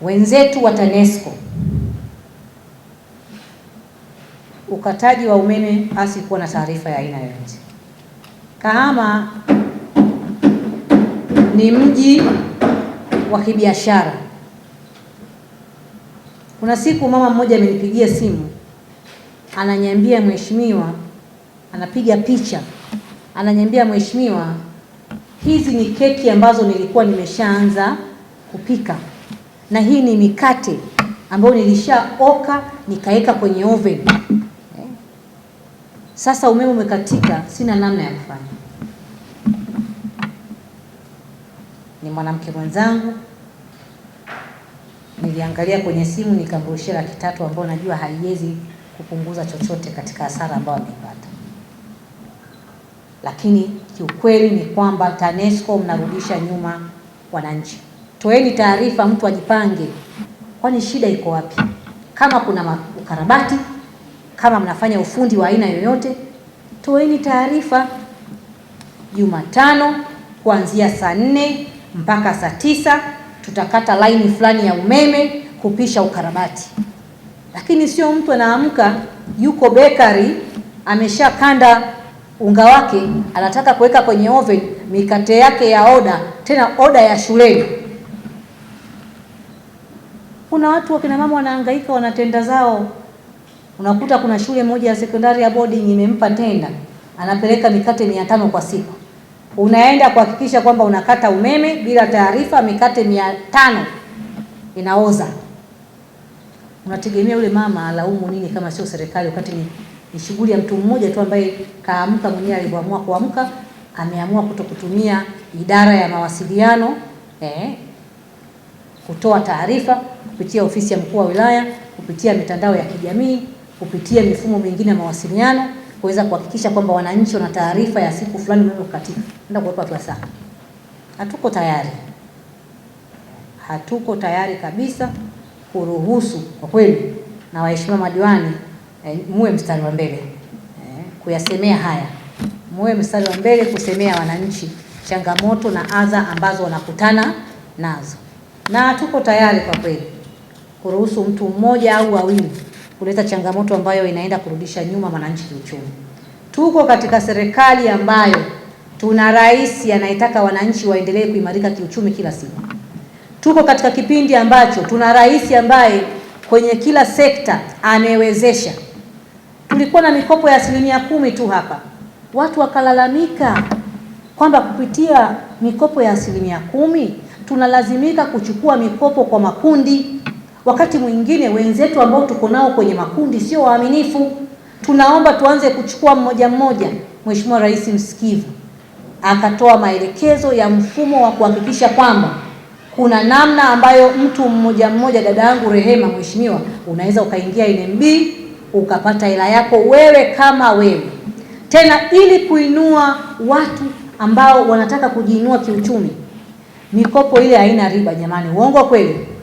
wenzetu wa TANESCO, ukataji wa umeme kuwa na taarifa ya aina yoyote. Kahama ni mji wa kibiashara. Kuna siku mama mmoja amenipigia simu, ananiambia mheshimiwa, anapiga picha, ananiambia mheshimiwa, hizi ni keki ambazo nilikuwa nimeshaanza kupika na hii ni mikate ambayo nilishaoka nikaweka kwenye oven. Sasa umeme umekatika, sina namna ya kufanya. Ni mwanamke mwenzangu, niliangalia kwenye simu nikamrushia laki tatu ambayo najua haiwezi kupunguza chochote katika hasara ambayo ameipata, lakini kiukweli ni kwamba TANESCO mnarudisha nyuma wananchi toeni taarifa, mtu ajipange. Kwani shida iko wapi? Kama kuna ukarabati, kama mnafanya ufundi wa aina yoyote, toeni taarifa Jumatano kuanzia saa nne mpaka saa tisa tutakata laini fulani ya umeme kupisha ukarabati, lakini sio mtu anaamka yuko bakery ameshakanda unga wake anataka kuweka kwenye oven mikate yake ya oda, tena oda ya shuleni. Kuna watu wakina mama wanahangaika, wanatenda zao. Unakuta kuna shule moja ya sekondari ya boarding imempa tenda, anapeleka mikate mia tano kwa siku. Unaenda kuhakikisha kwamba unakata umeme bila taarifa, mikate mia tano inaoza. Unategemea yule mama alaumu nini kama sio serikali, wakati ni ni shughuli ya mtu mmoja tu ambaye kaamka mwenyewe alivyoamua kuamka, ameamua kutokutumia idara ya mawasiliano eh, kutoa taarifa kupitia ofisi ya mkuu wa wilaya, kupitia mitandao ya kijamii, kupitia mifumo mingine ya mawasiliano kuweza kuhakikisha kwamba wananchi wana taarifa ya siku fulani umeme kukatika. Nenda kuwapa hatua saa. Hatuko tayari, hatuko tayari kabisa kuruhusu kwa kweli, na waheshimiwa madiwani eh, muwe mstari wa mbele eh, kuyasemea haya, muwe mstari wa mbele kusemea wananchi changamoto na adha ambazo wanakutana nazo na tuko tayari kwa kweli kuruhusu mtu mmoja au wawili kuleta changamoto ambayo inaenda kurudisha nyuma mwananchi kiuchumi. Tuko katika serikali ambayo tuna rais anayetaka wananchi waendelee kuimarika kiuchumi kila siku. Tuko katika kipindi ambacho tuna rais ambaye kwenye kila sekta amewezesha. Tulikuwa na mikopo ya asilimia kumi tu hapa, watu wakalalamika kwamba kupitia mikopo ya asilimia kumi tunalazimika kuchukua mikopo kwa makundi. Wakati mwingine wenzetu ambao tuko nao kwenye makundi sio waaminifu. Tunaomba tuanze kuchukua mmoja mmoja. Mheshimiwa Rais msikivu akatoa maelekezo ya mfumo wa kuhakikisha kwamba kuna namna ambayo mtu mmoja mmoja, dada yangu Rehema, mheshimiwa, unaweza ukaingia NMB ukapata hela yako wewe kama wewe, tena ili kuinua watu ambao wanataka kujiinua kiuchumi mikopo ile haina riba jamani, uongo kweli?